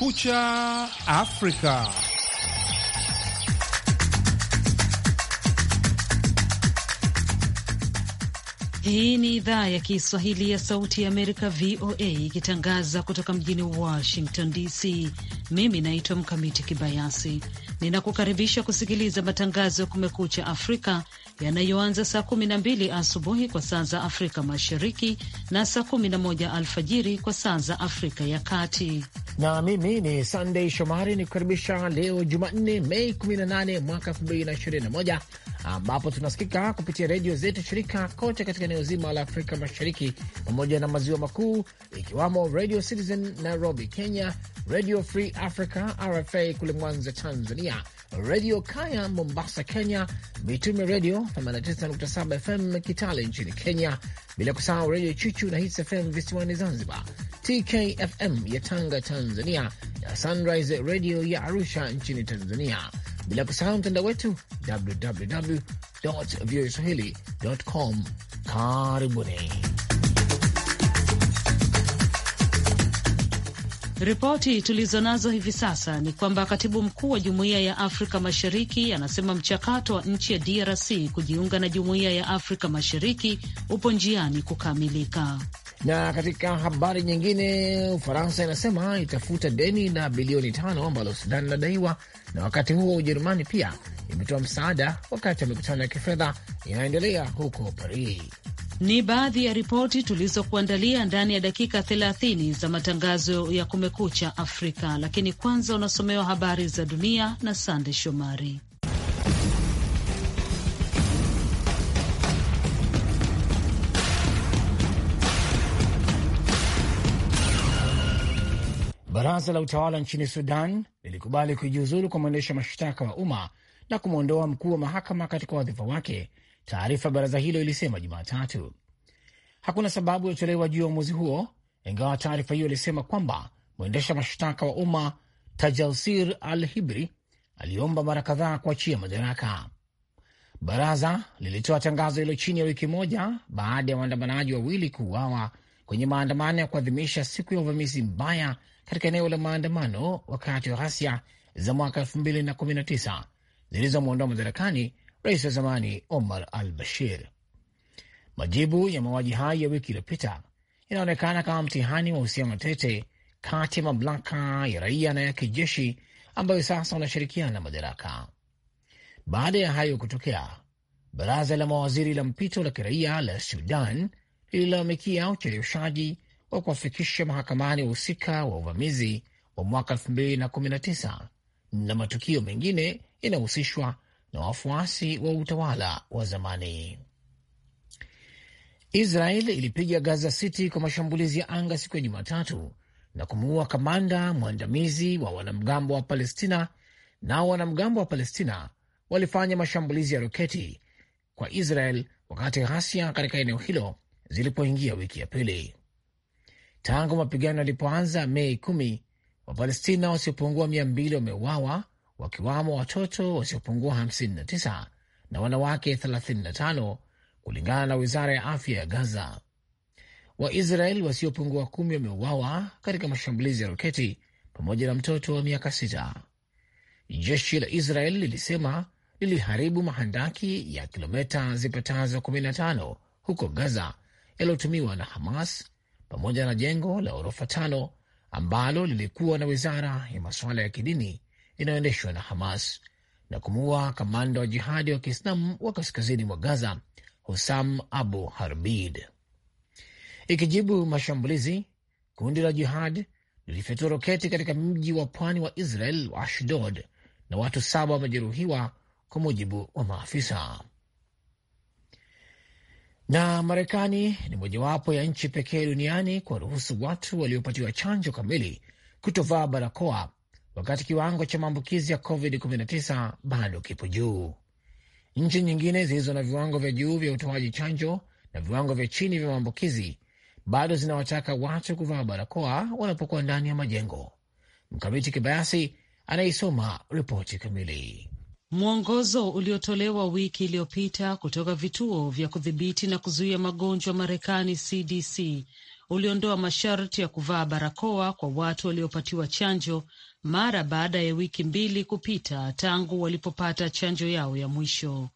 Kumekucha Afrika. Hii ni idhaa ya Kiswahili ya Sauti ya Amerika, VOA, ikitangaza kutoka mjini Washington DC. Mimi naitwa Mkamiti Kibayasi, ninakukaribisha kusikiliza matangazo ya Kumekucha Afrika yanayoanza saa mbili asubuhi kwa saa za Afrika Mashariki na saa moja alfajiri kwa saa za Afrika ya Kati. Na mimi ni Sandey Shomari ni kukaribisha leo Jumanne, Mei 18 mwaka 2021, ambapo tunasikika kupitia redio zetu shirika kote katika eneo zima la Afrika Mashariki pamoja na maziwa makuu, ikiwamo Radio Citizen Nairobi, Kenya, Radio Free Africa, RFA kule Mwanza, Tanzania, redio Kaya Mombasa, Kenya, Mitume redio 89.7 FM Kitale nchini Kenya, bila kusahau redio Chuchu na Hits FM visiwani Zanzibar, TKFM ya Tanga Tanzania, na Sunrise redio ya Arusha nchini Tanzania, bila kusahau mtandao wetu www voaswahili.com. Karibuni. Ripoti tulizonazo hivi sasa ni kwamba katibu mkuu wa jumuiya ya Afrika Mashariki anasema mchakato wa nchi ya DRC kujiunga na jumuiya ya Afrika Mashariki upo njiani kukamilika. Na katika habari nyingine, Ufaransa inasema itafuta deni la bilioni tano ambalo sudani inadaiwa, na wakati huo Ujerumani pia imetoa msaada wakati wa mikutano ya kifedha inaendelea huko Paris. Ni baadhi ya ripoti tulizokuandalia ndani ya dakika 30 za matangazo ya Kumekucha Afrika, lakini kwanza unasomewa habari za dunia na Sande Shomari. Baraza la utawala nchini Sudan lilikubali kujiuzulu kwa mwendesha mashtaka wa umma na kumwondoa mkuu wa mahakama katika wadhifa wake Taarifa ya baraza hilo ilisema Jumatatu hakuna sababu iliyotolewa juu ya uamuzi huo, ingawa taarifa hiyo ilisema kwamba mwendesha mashtaka wa umma Tajalsir Al Hibri aliomba mara kadhaa kuachia madaraka. Baraza lilitoa tangazo hilo chini ya wiki moja baada ya waandamanaji wawili kuuawa kwenye maandamano ya kuadhimisha siku ya uvamizi mbaya katika eneo la maandamano wakati wa ghasia za mwaka 2019 zilizomwondoa madarakani rais wa zamani Omar al Bashir. Majibu ya mauaji hayo ya wiki iliyopita inaonekana kama mtihani wa uhusiano tete kati ya mamlaka ya raia na ya kijeshi ambayo sasa wanashirikiana madaraka. Baada ya hayo kutokea, baraza la mawaziri la mpito la kiraia la Sudan lililalamikia ucheleweshaji wa kuwafikisha mahakamani wahusika wa uvamizi wa mwaka 2019 na matukio mengine yanayohusishwa na wafuasi wa utawala wa zamani. Israel ilipiga Gaza City kwa mashambulizi ya anga siku ya Jumatatu na kumuua kamanda mwandamizi wa wanamgambo wa Palestina. Nao wanamgambo wa Palestina walifanya mashambulizi ya roketi kwa Israel wakati ghasia katika eneo hilo zilipoingia wiki ya pili. Tangu mapigano yalipoanza Mei kumi, Wapalestina wasiopungua mia mbili wameuawa wakiwamo watoto wasiopungua 59 na wanawake 35 kulingana na wizara ya afya ya Gaza. Waisraeli wasiopungua kumi wameuawa katika mashambulizi ya roketi pamoja na mtoto wa miaka sita. Jeshi la israel lilisema liliharibu mahandaki ya kilomita zipatazo 15 huko Gaza yaliyotumiwa na Hamas pamoja na jengo la ghorofa tano ambalo lilikuwa na wizara ya masuala ya kidini inayoendeshwa na Hamas na kumuua kamanda wa jihadi wa Kiislamu wa kaskazini mwa Gaza, Husam Abu Harbid. Ikijibu mashambulizi, kundi la jihad lilifyatua roketi katika mji wa pwani wa Israel wa Ashdod na watu saba wamejeruhiwa kwa mujibu wa maafisa. Na Marekani ni mojawapo ya nchi pekee duniani kuwaruhusu watu waliopatiwa chanjo kamili kutovaa barakoa wakati kiwango cha maambukizi ya covid-19 bado kipo juu. Nchi nyingine zilizo na viwango vya juu vya utoaji chanjo na viwango vya chini vya maambukizi bado zinawataka watu kuvaa barakoa wanapokuwa ndani ya majengo. Mkamiti Kibayasi anaisoma ripoti kamili. Mwongozo uliotolewa wiki iliyopita kutoka vituo vya kudhibiti na kuzuia magonjwa Marekani, CDC, uliondoa masharti ya kuvaa barakoa kwa watu waliopatiwa chanjo mara baada ya wiki mbili kupita tangu walipopata chanjo yao ya mwisho.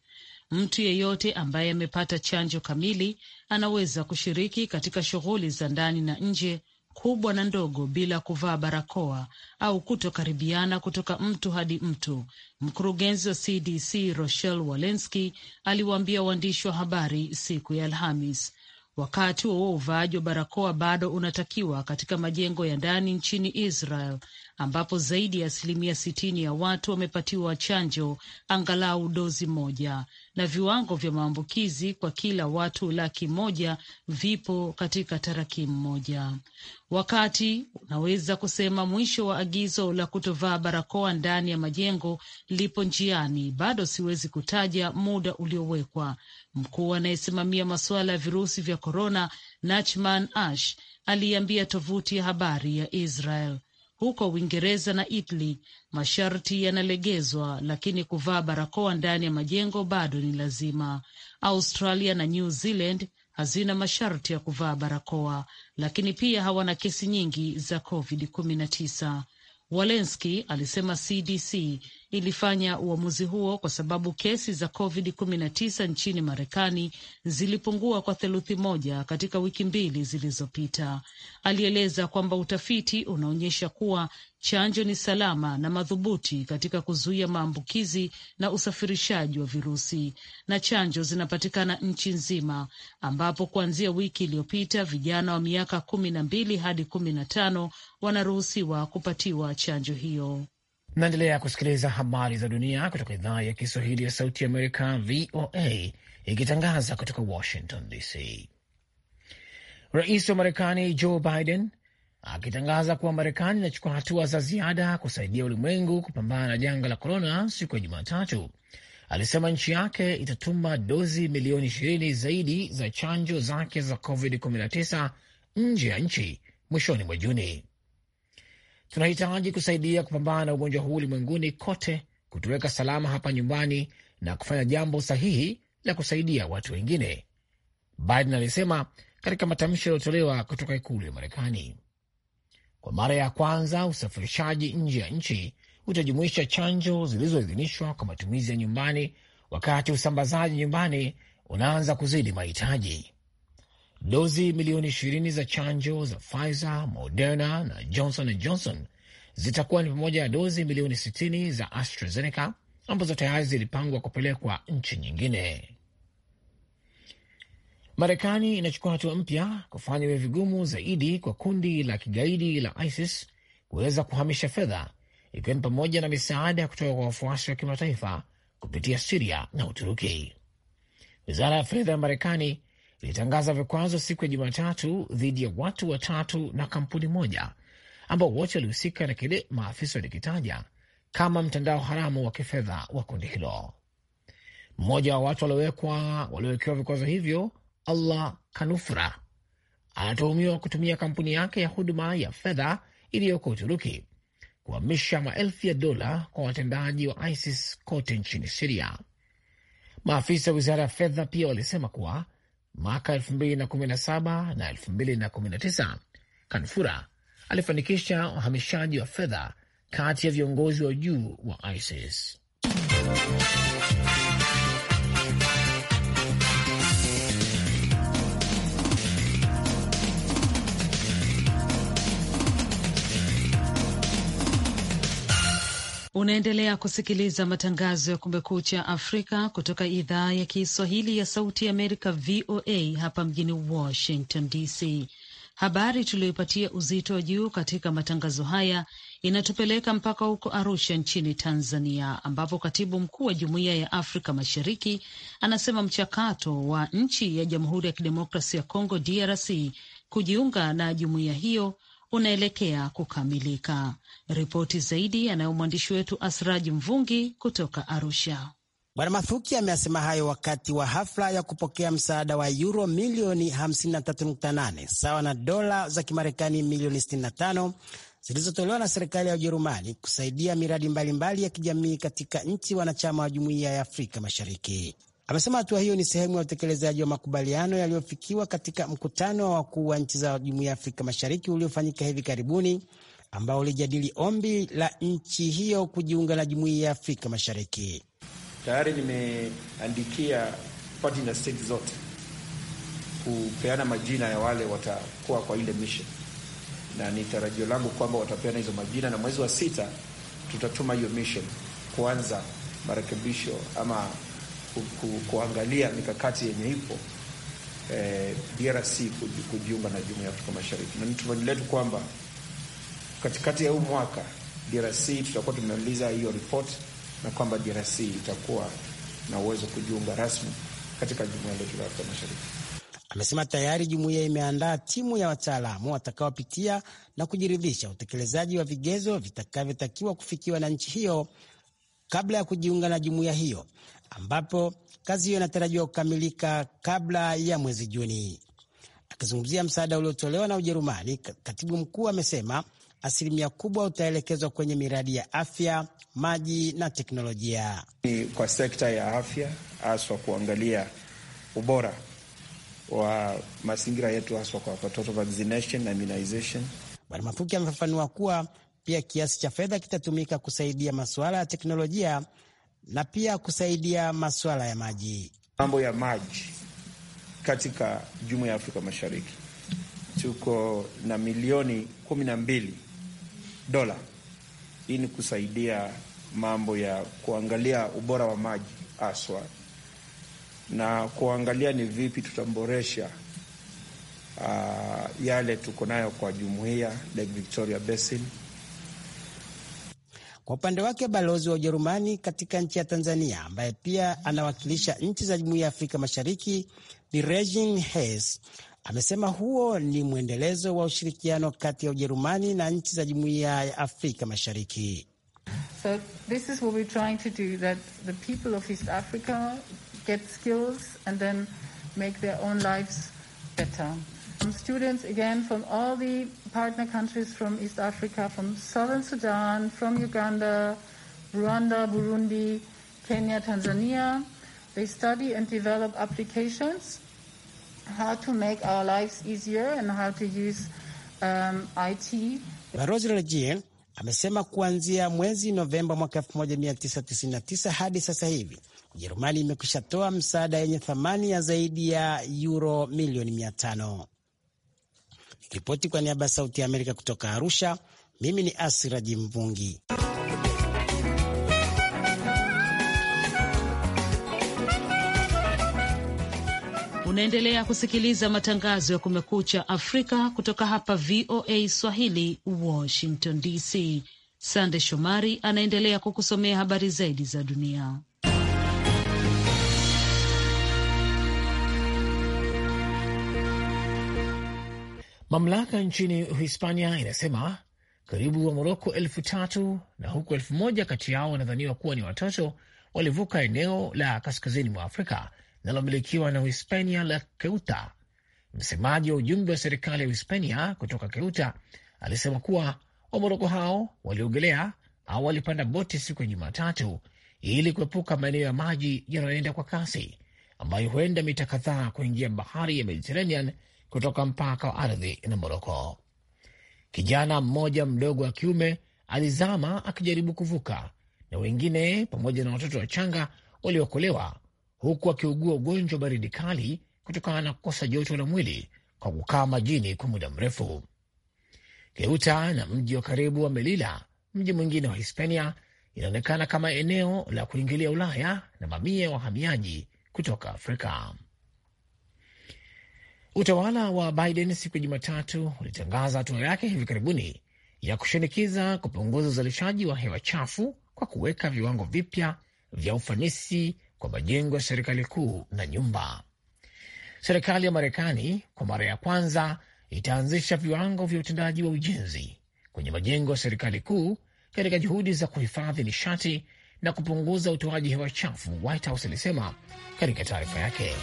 Mtu yeyote ambaye amepata chanjo kamili anaweza kushiriki katika shughuli za ndani na nje kubwa na ndogo bila kuvaa barakoa au kutokaribiana kutoka mtu hadi mtu. Mkurugenzi wa CDC Rochelle Walensky aliwaambia waandishi wa habari siku ya Alhamis. Wakati huo uvaaji wa barakoa bado unatakiwa katika majengo ya ndani nchini Israel ambapo zaidi ya asilimia sitini ya watu wamepatiwa chanjo angalau dozi moja na viwango vya maambukizi kwa kila watu laki moja vipo katika tarakimu moja. Wakati unaweza kusema mwisho wa agizo la kutovaa barakoa ndani ya majengo lipo njiani, bado siwezi kutaja muda uliowekwa. Mkuu anayesimamia masuala ya virusi vya korona Nachman Ash aliambia tovuti ya habari ya Israel huko Uingereza na Italy masharti yanalegezwa, lakini kuvaa barakoa ndani ya majengo bado ni lazima. Australia na New Zealand hazina masharti ya kuvaa barakoa, lakini pia hawana kesi nyingi za COVID-19. Walensky alisema CDC ilifanya uamuzi huo kwa sababu kesi za COVID-19 nchini Marekani zilipungua kwa theluthi moja katika wiki mbili zilizopita. Alieleza kwamba utafiti unaonyesha kuwa chanjo ni salama na madhubuti katika kuzuia maambukizi na usafirishaji wa virusi, na chanjo zinapatikana nchi nzima, ambapo kuanzia wiki iliyopita vijana wa miaka kumi na mbili hadi kumi na tano wanaruhusiwa kupatiwa chanjo hiyo. Naendelea kusikiliza habari za dunia kutoka idhaa ya Kiswahili ya Sauti ya Amerika, VOA, ikitangaza kutoka Washington DC. Rais wa Marekani Joe Biden akitangaza kuwa Marekani inachukua hatua za ziada kusaidia ulimwengu kupambana na janga la korona, siku ya Jumatatu alisema nchi yake itatuma dozi milioni ishirini zaidi za chanjo zake za COVID-19 nje ya nchi mwishoni mwa Juni tunahitaji kusaidia kupambana na ugonjwa huu ulimwenguni kote, kutuweka salama hapa nyumbani na kufanya jambo sahihi la kusaidia watu wengine, Biden alisema katika matamshi yaliyotolewa kutoka ikulu ya Marekani. Kwa mara ya kwanza usafirishaji nje ya nchi utajumuisha chanjo zilizoidhinishwa kwa matumizi ya nyumbani, wakati usambazaji nyumbani unaanza kuzidi mahitaji dozi milioni ishirini za chanjo za Pfizer, Moderna na Johnson and Johnson zitakuwa ni pamoja na dozi milioni sitini za AstraZeneca ambazo tayari zilipangwa kupelekwa nchi nyingine. Marekani inachukua hatua mpya kufanya iwe vigumu zaidi kwa kundi la kigaidi la ISIS kuweza kuhamisha fedha, ikiwa ni pamoja na misaada kutoka kwa wafuasi wa kimataifa kupitia Siria na Uturuki. Wizara ya fedha ya Marekani lilitangaza vikwazo siku ya Jumatatu dhidi ya watu watatu na kampuni moja ambao wote walihusika na kile maafisa walikitaja kama mtandao haramu wa kifedha wa kundi hilo. Mmoja wa watu waliowekwa waliowekewa vikwazo hivyo, Allah Kanufra, anatuhumiwa kutumia kampuni yake ya huduma ya fedha iliyoko Uturuki kuhamisha maelfu ya dola kwa watendaji wa ISIS kote nchini Siria. Maafisa wa wizara ya fedha pia walisema kuwa Mwaka 2017 na 2019 Kanfura alifanikisha uhamishaji wa fedha kati ya viongozi wa juu wa ISIS. Unaendelea kusikiliza matangazo ya Kumekucha Afrika kutoka idhaa ya Kiswahili ya Sauti ya Amerika, VOA, hapa mjini Washington DC. Habari tuliyoipatia uzito wa juu katika matangazo haya inatupeleka mpaka huko Arusha nchini Tanzania, ambapo katibu mkuu wa Jumuiya ya Afrika Mashariki anasema mchakato wa nchi ya Jamhuri ya Kidemokrasi ya Kongo, DRC, kujiunga na jumuiya hiyo unaelekea kukamilika. Ripoti zaidi anayo mwandishi wetu Asraji Mvungi kutoka Arusha. Bwana Mathuki ameasema hayo wakati wa hafla ya kupokea msaada wa yuro milioni 53.8 sawa na dola za Kimarekani milioni 65 zilizotolewa na serikali ya Ujerumani kusaidia miradi mbalimbali mbali ya kijamii katika nchi wanachama wa jumuiya ya Afrika Mashariki. Amesema hatua hiyo ni sehemu ya utekelezaji wa makubaliano yaliyofikiwa katika mkutano wa wakuu wa nchi za Jumuiya ya Afrika Mashariki uliofanyika hivi karibuni ambao ulijadili ombi la nchi hiyo kujiunga na Jumuiya ya Afrika Mashariki. Tayari nimeandikia partner state zote kupeana majina ya wale watakuwa kwa ile mission, na ni tarajio langu kwamba watapeana hizo majina, na mwezi wa sita tutatuma hiyo mission kuanza marekebisho ama ku, ku, kuangalia mikakati yenye ipo eh, DRC kujiunga na Jumuiya ya Afrika Mashariki, na ni tumaini letu kwamba katikati ya huu mwaka DRC tutakuwa tumemaliza hiyo ripoti na kwamba DRC itakuwa na uwezo kujiunga rasmi katika jumuiya letu la Afrika Mashariki. Amesema tayari jumuiya imeandaa timu ya wataalamu watakaopitia na kujiridhisha utekelezaji wa vigezo vitakavyotakiwa kufikiwa na nchi hiyo kabla ya kujiunga na jumuiya hiyo, ambapo kazi hiyo inatarajiwa kukamilika kabla ya mwezi Juni. Akizungumzia msaada uliotolewa na Ujerumani, katibu mkuu amesema asilimia kubwa utaelekezwa kwenye miradi ya afya, maji na teknolojia. Ni kwa sekta ya afya haswa kuangalia ubora wa mazingira yetu haswa kwa watoto vaccination na immunization. Bwana Mafuki amefafanua kuwa pia kiasi cha fedha kitatumika kusaidia masuala ya teknolojia na pia kusaidia masuala ya maji. Mambo ya maji katika jumuiya ya Afrika Mashariki tuko na milioni kumi na mbili dola. Hii ni kusaidia mambo ya kuangalia ubora wa maji haswa na kuangalia ni vipi tutaboresha uh, ah, yale tuko nayo kwa jumuiya Lake Victoria Basin kwa upande wake balozi wa Ujerumani katika nchi ya Tanzania ambaye pia anawakilisha nchi za jumuiya ya Afrika Mashariki ni Regin Hess amesema huo ni mwendelezo wa ushirikiano kati ya Ujerumani na nchi za jumuiya ya Afrika Mashariki. So this is what we're trying to do that the people of East Africa get skills and then make their own lives better um, students again from all the partner countries from East Africa, from Southern Sudan, from Uganda, Rwanda, Burundi, Kenya, Tanzania. They study and develop applications how to make our lives easier and how to use um, IT. Rose Regier amesema kuanzia mwezi Novemba mwaka 1999 hadi sasa hivi Ujerumani imekwisha toa msaada yenye thamani ya zaidi ya euro milioni mia tano. Nikiripoti kwa niaba ya Sauti ya Amerika kutoka Arusha, mimi ni Asiraji Mvungi. Unaendelea kusikiliza matangazo ya Kumekucha Afrika kutoka hapa VOA Swahili, Washington DC. Sande Shomari anaendelea kukusomea habari zaidi za dunia. Mamlaka nchini Hispania inasema karibu wa Moroko elfu tatu na huku elfu moja kati yao wanadhaniwa kuwa ni watoto walivuka eneo la kaskazini mwa Afrika linalomilikiwa na Uhispania la Keuta. Msemaji wa ujumbe wa serikali ya Uhispania kutoka Keuta alisema kuwa Wamoroko hao waliogelea au walipanda boti siku ya Jumatatu ili kuepuka maeneo ya maji yanayoenda kwa kasi ambayo huenda mita kadhaa kuingia bahari ya Mediterranean kutoka mpaka wa ardhi na Moroko. Kijana mmoja mdogo wa kiume alizama akijaribu kuvuka, na wengine pamoja na watoto wachanga waliokolewa huku akiugua ugonjwa baridi kali kutokana na kukosa joto la mwili kwa kukaa majini kwa muda mrefu. Keuta na mji wa karibu wa Melila, mji mwingine wa Hispania, inaonekana kama eneo la kuingilia Ulaya na mamia ya wahamiaji kutoka Afrika. Utawala wa Biden siku ya Jumatatu ulitangaza hatua yake hivi karibuni ya kushinikiza kupunguza uzalishaji wa hewa chafu kwa kuweka viwango vipya vya ufanisi kwa majengo ya serikali kuu na nyumba. Serikali ya Marekani kwa mara ya kwanza itaanzisha viwango vya utendaji wa ujenzi kwenye majengo ya serikali kuu katika juhudi za kuhifadhi nishati na kupunguza utoaji hewa chafu, White House ilisema katika taarifa yake.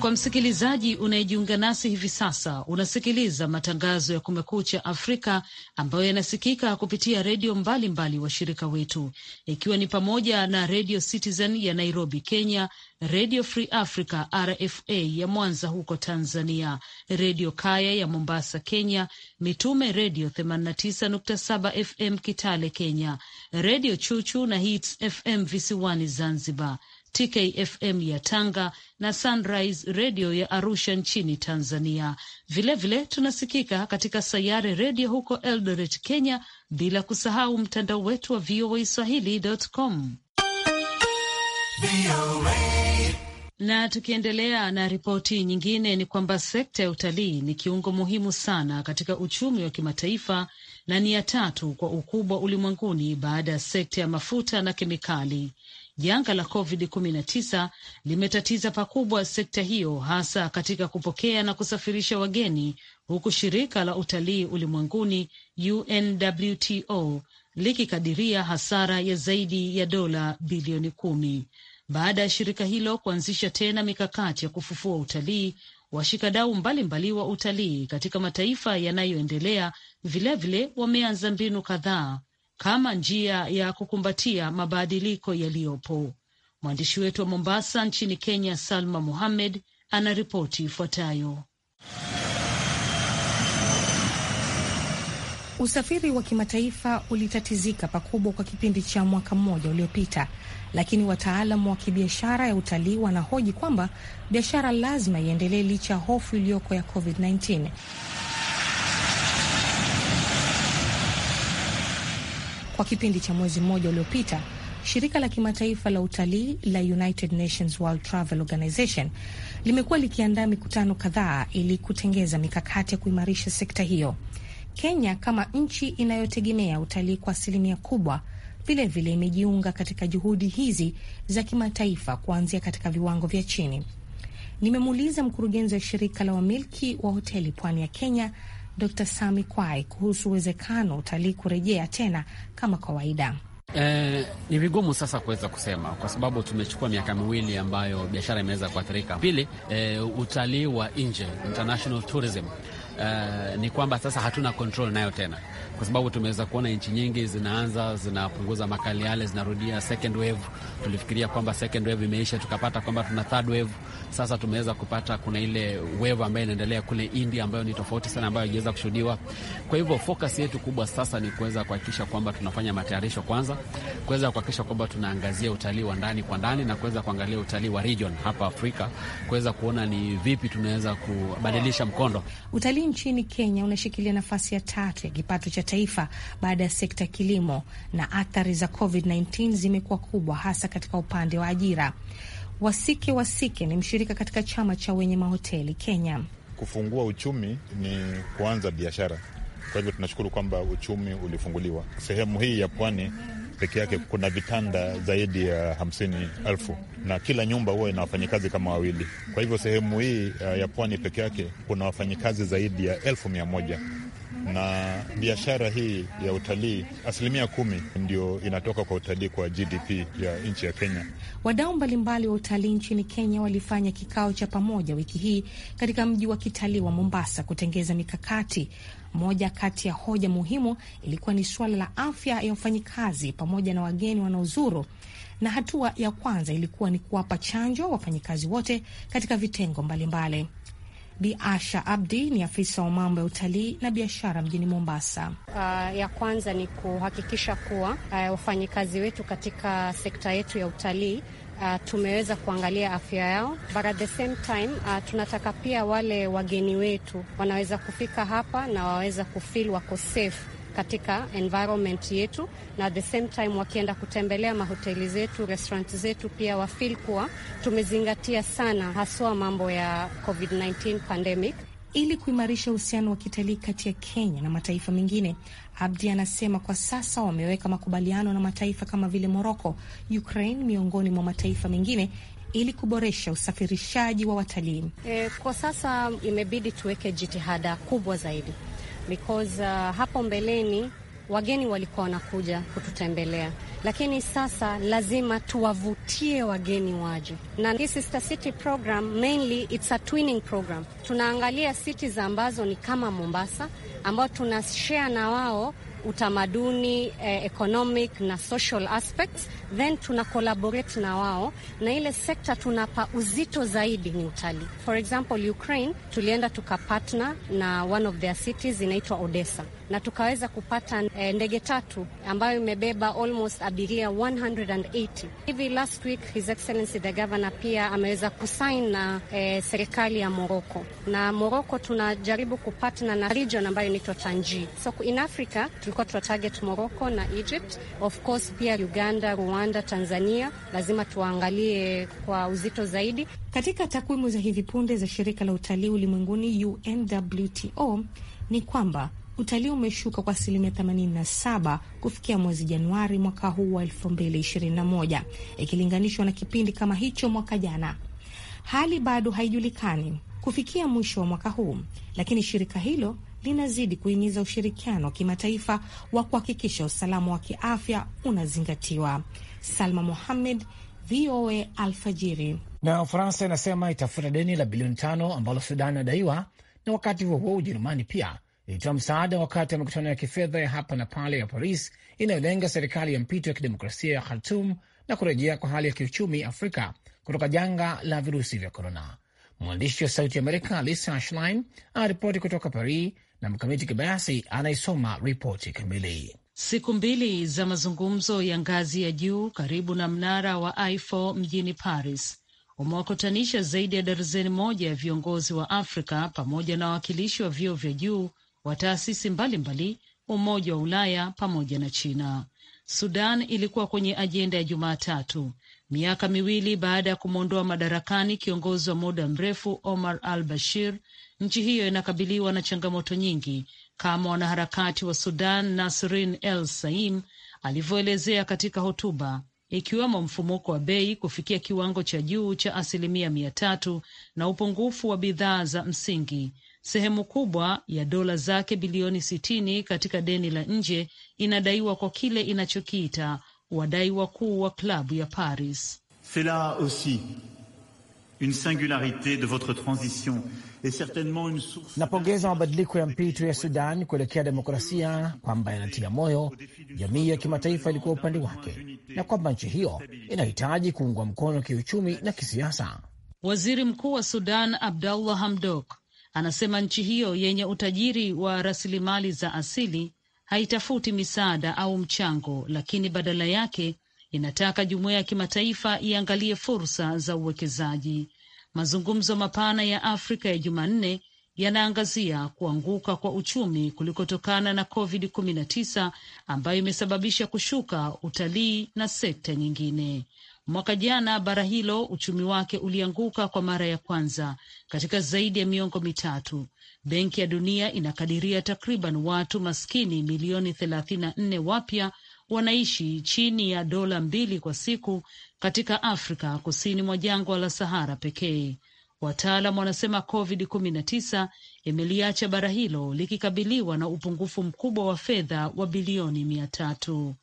Kwa msikilizaji unayejiunga nasi hivi sasa, unasikiliza matangazo ya Kumekucha Afrika ambayo yanasikika kupitia redio mbalimbali washirika wetu, ikiwa ni pamoja na Redio Citizen ya Nairobi, Kenya, Redio Free Africa RFA ya Mwanza huko Tanzania, Redio Kaya ya Mombasa, Kenya, Mitume Redio 89.7 FM Kitale, Kenya, Redio Chuchu na Hits FM visiwani Zanzibar, TKFM ya Tanga na Sunrise redio ya Arusha nchini Tanzania. Vilevile vile, tunasikika katika Sayare redio huko Eldoret, Kenya, bila kusahau mtandao wetu wa VOA Swahili.com. Na tukiendelea na ripoti nyingine ni kwamba sekta ya utalii ni kiungo muhimu sana katika uchumi wa kimataifa na ni ya tatu kwa ukubwa ulimwenguni baada ya sekta ya mafuta na kemikali janga la COVID-19 limetatiza pakubwa sekta hiyo, hasa katika kupokea na kusafirisha wageni, huku shirika la utalii ulimwenguni UNWTO likikadiria hasara ya zaidi ya dola bilioni kumi baada ya shirika hilo kuanzisha tena mikakati ya kufufua utalii. Washikadau mbalimbali wa utalii katika mataifa yanayoendelea vilevile wameanza mbinu kadhaa kama njia ya kukumbatia mabadiliko yaliyopo. Mwandishi wetu wa Mombasa nchini Kenya, Salma muhammed ana ripoti ifuatayo. Usafiri wa kimataifa ulitatizika pakubwa kwa kipindi cha mwaka mmoja uliopita, lakini wataalam wa kibiashara ya utalii wanahoji kwamba biashara lazima iendelee licha ya hofu iliyoko ya COVID-19. Kwa kipindi cha mwezi mmoja uliopita, shirika la kimataifa la utalii la United Nations World Travel Organization limekuwa likiandaa mikutano kadhaa ili kutengeza mikakati ya kuimarisha sekta hiyo. Kenya kama nchi inayotegemea utalii kwa asilimia kubwa vilevile imejiunga katika juhudi hizi za kimataifa kuanzia katika viwango vya chini. Nimemuuliza mkurugenzi wa shirika la wamiliki wa hoteli pwani ya Kenya Dr. Sami Kwai kuhusu uwezekano utalii kurejea tena kama kawaida. Eh, ni vigumu sasa kuweza kusema kwa sababu tumechukua miaka miwili ambayo biashara imeweza kuathirika. Pili, eh, utalii wa nje international tourism eh, ni kwamba sasa hatuna control nayo tena kwa sababu tumeweza kuona nchi nyingi zinaanza zinapunguza makali yale, zinarudia second wave. Tulifikiria kwamba second wave imeisha, tukapata kwamba tuna third wave. Sasa tumeweza kupata kuna ile wave ambayo inaendelea kule India ambayo ni tofauti sana, ambayo haijaweza kushuhudiwa. Kwa hivyo focus yetu kubwa sasa ni kuweza kuhakikisha kwamba tunafanya matayarisho kwanza, kuweza kuhakikisha kwamba tunaangazia utalii wa ndani kwa ndani na kuweza kuangalia utalii wa region hapa Afrika, kuweza kuona ni vipi tunaweza kubadilisha mkondo. Utalii nchini Kenya unashikilia nafasi ya tatu ya kipato cha taifa baada ya sekta ya kilimo na athari za COVID-19 zimekuwa kubwa hasa katika upande wa ajira. Wasike Wasike ni mshirika katika chama cha wenye mahoteli Kenya. Kufungua uchumi ni kuanza biashara, kwa hivyo tunashukuru kwamba uchumi ulifunguliwa. Sehemu hii ya pwani peke yake kuna vitanda zaidi ya hamsini elfu na kila nyumba huwa ina wafanyikazi kama wawili. Kwa hivyo sehemu hii eh, ya pwani peke yake kuna wafanyikazi zaidi ya elfu mia moja na biashara hii ya utalii asilimia kumi ndio inatoka kwa utalii kwa GDP ya nchi ya Kenya. Wadau mbalimbali wa utalii nchini Kenya walifanya kikao cha pamoja wiki hii katika mji wa kitalii wa Mombasa kutengeza mikakati. Moja kati ya hoja muhimu ilikuwa ni suala la afya ya wafanyikazi pamoja na wageni wanaozuru, na hatua ya kwanza ilikuwa ni kuwapa chanjo wafanyikazi wote katika vitengo mbalimbali mbali. Bi Asha Abdi ni afisa wa mambo ya utalii na biashara mjini Mombasa. Uh, ya kwanza ni kuhakikisha kuwa uh, wafanyikazi wetu katika sekta yetu ya utalii Uh, tumeweza kuangalia afya yao, but at the same time uh, tunataka pia wale wageni wetu wanaweza kufika hapa na waweza kufil wako safe katika environment yetu, na at the same time wakienda kutembelea mahoteli zetu, restaurant zetu, pia wafil kuwa tumezingatia sana haswa mambo ya COVID-19 pandemic ili kuimarisha uhusiano wa kitalii kati ya Kenya na mataifa mengine. Abdi anasema kwa sasa wameweka makubaliano na mataifa kama vile Moroko, Ukraine miongoni mwa mataifa mengine ili kuboresha usafirishaji wa watalii. E, kwa sasa imebidi tuweke jitihada kubwa zaidi because uh, hapo mbeleni wageni walikuwa wanakuja kututembelea, lakini sasa lazima tuwavutie wageni waje, na hii Sister City program mainly it's a twinning program. Tunaangalia cities ambazo ni kama Mombasa, ambao tunashare na wao utamaduni eh, economic na social aspects, then tuna collaborate na wao, na ile sekta tunapa uzito zaidi ni utalii. For example, Ukraine tulienda tukapartner na one of their cities inaitwa Odessa na tukaweza kupata e, ndege tatu ambayo imebeba almost abiria 180. Hivi last week His Excellency the Governor pia ameweza kusain na e, serikali ya Moroko na moroko tunajaribu kupatna na region ambayo inaitwa Tanji. So in Africa tulikuwa tuna target Moroko na Egypt, of course pia Uganda, Rwanda, Tanzania lazima tuangalie kwa uzito zaidi. Katika takwimu za hivi punde za shirika la utalii ulimwenguni UNWTO ni kwamba utalii umeshuka kwa asilimia 87 kufikia mwezi Januari mwaka huu wa 2021 ikilinganishwa na kipindi kama hicho mwaka jana. Hali bado haijulikani kufikia mwisho wa mwaka huu, lakini shirika hilo linazidi kuhimiza ushirikiano wa kimataifa wa kuhakikisha usalama wa kiafya unazingatiwa. Salma Mohamed, VOA Alfajiri. Na Ufaransa inasema itafuta deni la bilioni tano ambalo Sudan inadaiwa, na wakati huo huo Ujerumani pia ilitoa msaada wakati wa mikutano ya kifedha ya hapa na pale ya Paris inayolenga serikali ya mpito ya kidemokrasia ya Khartum na kurejea kwa hali ya kiuchumi Afrika kutoka janga la virusi vya korona. Mwandishi wa Sauti Amerika Lisa Schlein anaripoti kutoka Paris na Mkamiti Kibayasi anaisoma ripoti kamili. Siku mbili za mazungumzo ya ngazi ya juu karibu na mnara wa Eiffel mjini Paris umewakutanisha zaidi ya darzeni moja ya viongozi wa Afrika pamoja na wawakilishi wa vyuo vya juu wa taasisi mbalimbali, Umoja wa Ulaya pamoja na China. Sudan ilikuwa kwenye ajenda ya Jumatatu, miaka miwili baada ya kumwondoa madarakani kiongozi wa muda mrefu Omar al Bashir. Nchi hiyo inakabiliwa na changamoto nyingi kama wanaharakati wa Sudan Nasrin El Saim alivyoelezea katika hotuba, ikiwemo mfumuko wa bei kufikia kiwango cha juu cha asilimia mia tatu na upungufu wa bidhaa za msingi Sehemu kubwa ya dola zake bilioni sitini katika deni la nje inadaiwa kwa kile inachokiita wadai wakuu wa klabu ya Paris. C'est la aussi une de votre transition et certainement une source. Napongeza mabadiliko ya mpito ya Sudan kuelekea demokrasia kwamba yanatia moyo jamii ya kimataifa ilikuwa upande wake na kwamba nchi hiyo inahitaji kuungwa mkono kiuchumi na kisiasa. Waziri Mkuu wa Sudan Abdallah Hamdok Anasema nchi hiyo yenye utajiri wa rasilimali za asili haitafuti misaada au mchango, lakini badala yake inataka jumuiya ya kimataifa iangalie fursa za uwekezaji. Mazungumzo mapana ya Afrika ya Jumanne yanaangazia kuanguka kwa uchumi kulikotokana na COVID-19 ambayo imesababisha kushuka utalii na sekta nyingine. Mwaka jana bara hilo uchumi wake ulianguka kwa mara ya kwanza katika zaidi ya miongo mitatu. Benki ya Dunia inakadiria takriban watu maskini milioni 34 wapya wanaishi chini ya dola mbili kwa siku katika Afrika kusini mwa jangwa la Sahara pekee. Wataalam wanasema COVID-19 imeliacha bara hilo likikabiliwa na upungufu mkubwa wa fedha wa bilioni mia tatu.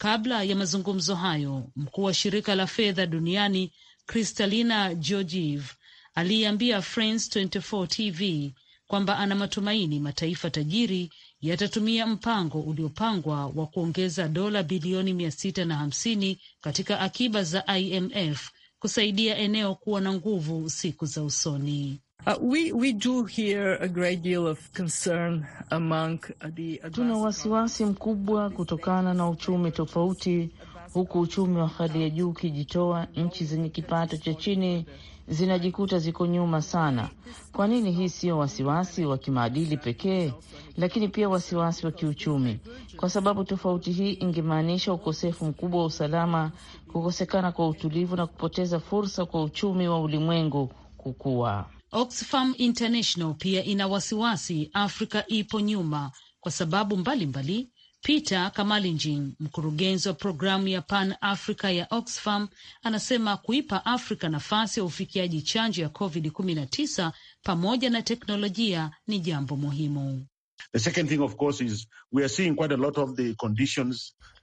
Kabla ya mazungumzo hayo, mkuu wa shirika la fedha duniani Kristalina Georgieva aliyeambia France 24 TV kwamba ana matumaini mataifa tajiri yatatumia mpango uliopangwa wa kuongeza dola bilioni mia sita na hamsini katika akiba za IMF kusaidia eneo kuwa na nguvu siku za usoni. Uh, Tuna wasiwasi mkubwa kutokana na uchumi tofauti, huku uchumi wa hali ya juu ukijitoa, nchi zenye kipato cha chini zinajikuta ziko nyuma sana. Kwa nini? Hii siyo wasiwasi wa kimaadili pekee, lakini pia wasiwasi wa kiuchumi, kwa sababu tofauti hii ingemaanisha ukosefu mkubwa wa usalama, kukosekana kwa utulivu na kupoteza fursa kwa uchumi wa ulimwengu kukua. Oxfam International pia ina wasiwasi Afrika ipo nyuma kwa sababu mbalimbali mbali. Peter Kamalinjin, mkurugenzi wa programu ya Pan Africa ya Oxfam, anasema kuipa Afrika nafasi ya ufikiaji chanjo ya COVID-19 pamoja na teknolojia ni jambo muhimu.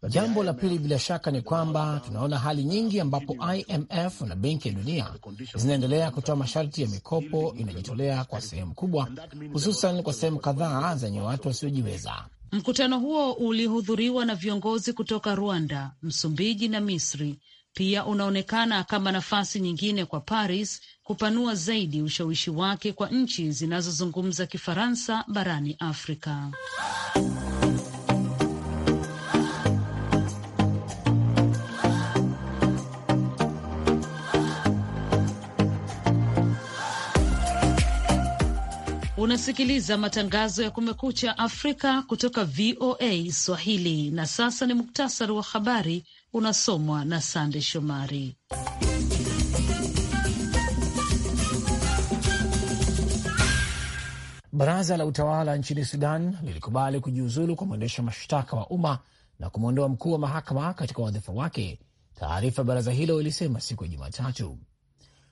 Jambo la pili bila shaka ni kwamba uh, tunaona hali nyingi ambapo IMF na Benki ya Dunia zinaendelea kutoa masharti ya mikopo inajitolea kwa sehemu kubwa, hususan kwa sehemu kadhaa zenye watu wasiojiweza. Mkutano huo ulihudhuriwa na viongozi kutoka Rwanda, Msumbiji na Misri pia unaonekana kama nafasi nyingine kwa Paris kupanua zaidi ushawishi wake kwa nchi zinazozungumza Kifaransa barani Afrika. Unasikiliza matangazo ya Kumekucha Afrika kutoka VOA Swahili. Na sasa ni muktasari wa habari unasomwa na Sande Shomari. Baraza la utawala nchini Sudan lilikubali kujiuzulu kwa mwendesha mashtaka wa umma na kumwondoa mkuu wa mahakama katika wadhifa wake. Taarifa ya baraza hilo ilisema siku ya Jumatatu.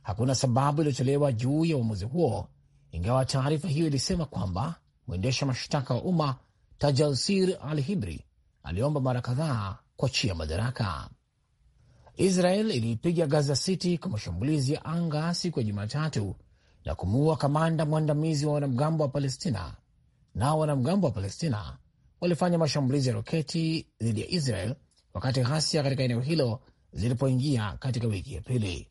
Hakuna sababu iliyotolewa juu ya uamuzi huo, ingawa taarifa hiyo ilisema kwamba mwendesha mashtaka wa umma Tajalsir Al Hibri aliomba mara kadhaa kuachia madaraka. Israel iliipiga Gaza City kwa mashambulizi ya anga siku ya Jumatatu na kumuua kamanda mwandamizi wa wanamgambo wa Palestina. Nao wanamgambo wa Palestina walifanya mashambulizi ya roketi dhidi ya Israel wakati ghasia katika eneo hilo zilipoingia katika wiki ya pili.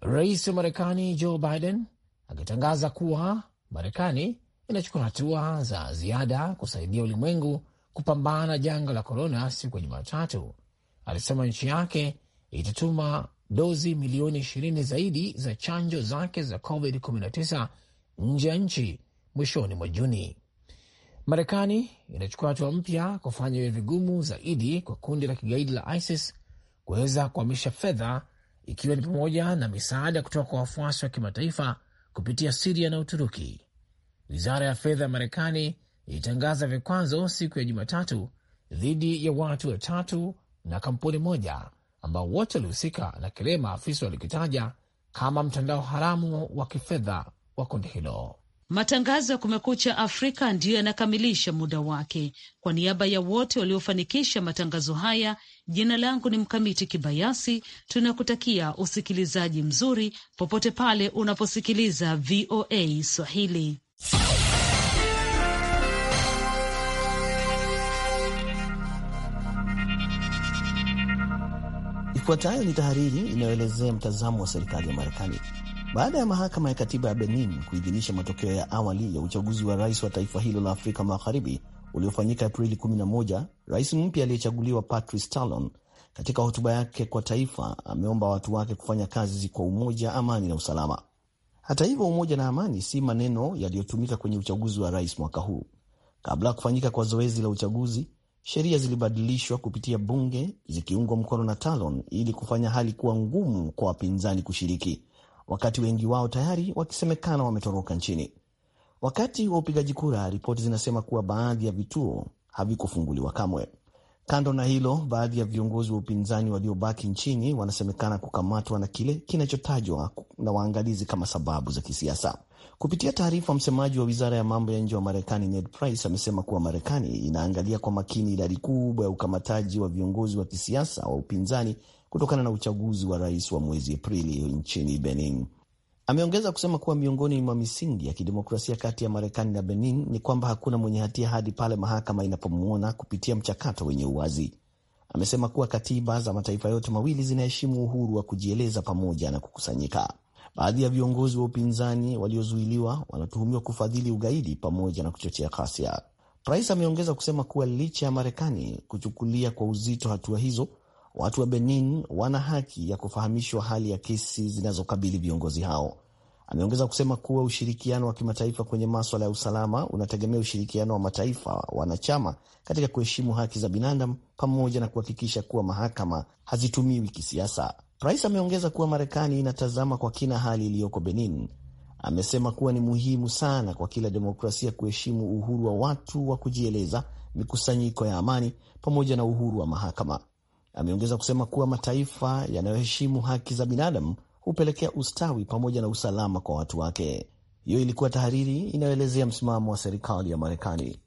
Rais wa Marekani Joe Biden akitangaza kuwa Marekani inachukua hatua za ziada kusaidia ulimwengu kupambana na janga la korona siku ya Jumatatu, alisema nchi yake itatuma dozi milioni ishirini zaidi za chanjo zake za COVID-19 nje ya nchi mwishoni mwa Juni. Marekani inachukua hatua mpya kufanya iwe vigumu zaidi kwa kundi la kigaidi la ISIS kuweza kuhamisha fedha, ikiwa ni pamoja na misaada kutoka kwa wafuasi wa kimataifa kupitia Siria na Uturuki. Wizara ya fedha ya Marekani ilitangaza vikwazo siku ya Jumatatu dhidi ya watu watatu na kampuni moja ambao wote walihusika na kile maafisa walikitaja kama mtandao haramu wa kifedha wa kundi hilo. Matangazo ya Kumekucha Afrika ndiyo yanakamilisha muda wake. Kwa niaba ya wote waliofanikisha matangazo haya, jina langu ni Mkamiti Kibayasi. Tunakutakia usikilizaji mzuri popote pale unaposikiliza VOA Swahili. Ifuatayo ni tahariri inayoelezea mtazamo wa serikali ya Marekani. Baada ya mahakama ya katiba ya Benin kuidhinisha matokeo ya awali ya uchaguzi wa rais wa taifa hilo la Afrika Magharibi uliofanyika Aprili 11, rais mpya aliyechaguliwa Patrice Talon katika hotuba yake kwa taifa ameomba watu wake kufanya kazi kwa umoja, amani na usalama. Hata hivyo, umoja na amani si maneno yaliyotumika kwenye uchaguzi wa rais mwaka huu. Kabla ya kufanyika kwa zoezi la uchaguzi, sheria zilibadilishwa kupitia bunge zikiungwa mkono na Talon ili kufanya hali kuwa ngumu kwa wapinzani kushiriki, wakati wengi wao tayari wakisemekana wametoroka nchini. Wakati wa upigaji kura, ripoti zinasema kuwa baadhi ya vituo havikufunguliwa kamwe. Kando na hilo, baadhi ya viongozi wa upinzani waliobaki nchini wanasemekana kukamatwa na kile kinachotajwa na waangalizi kama sababu za kisiasa. Kupitia taarifa, msemaji wa wizara ya mambo ya nje wa Marekani Ned Price amesema kuwa Marekani inaangalia kwa makini idadi kubwa ya ukamataji wa viongozi wa kisiasa wa upinzani kutokana na uchaguzi wa rais wa mwezi Aprili nchini Benin. Ameongeza kusema kuwa miongoni mwa misingi ya kidemokrasia kati ya Marekani na Benin ni kwamba hakuna mwenye hatia hadi pale mahakama inapomwona kupitia mchakato wenye uwazi. Amesema kuwa katiba za mataifa yote mawili zinaheshimu uhuru wa kujieleza pamoja na kukusanyika. Baadhi ya viongozi wa upinzani waliozuiliwa wanatuhumiwa kufadhili ugaidi pamoja na kuchochea ghasia. Rais ameongeza kusema kuwa licha ya Marekani kuchukulia kwa uzito hatua hizo, Watu wa Benin wana haki ya kufahamishwa hali ya kesi zinazokabili viongozi hao. Ameongeza kusema kuwa ushirikiano wa kimataifa kwenye maswala ya usalama unategemea ushirikiano wa mataifa wanachama katika kuheshimu haki za binadamu pamoja na kuhakikisha kuwa mahakama hazitumiwi kisiasa. Rais ameongeza kuwa Marekani inatazama kwa kina hali iliyoko Benin. Amesema kuwa ni muhimu sana kwa kila demokrasia kuheshimu uhuru wa watu wa kujieleza, mikusanyiko ya amani pamoja na uhuru wa mahakama. Ameongeza kusema kuwa mataifa yanayoheshimu haki za binadamu hupelekea ustawi pamoja na usalama kwa watu wake. Hiyo ilikuwa tahariri inayoelezea msimamo wa serikali ya Marekani.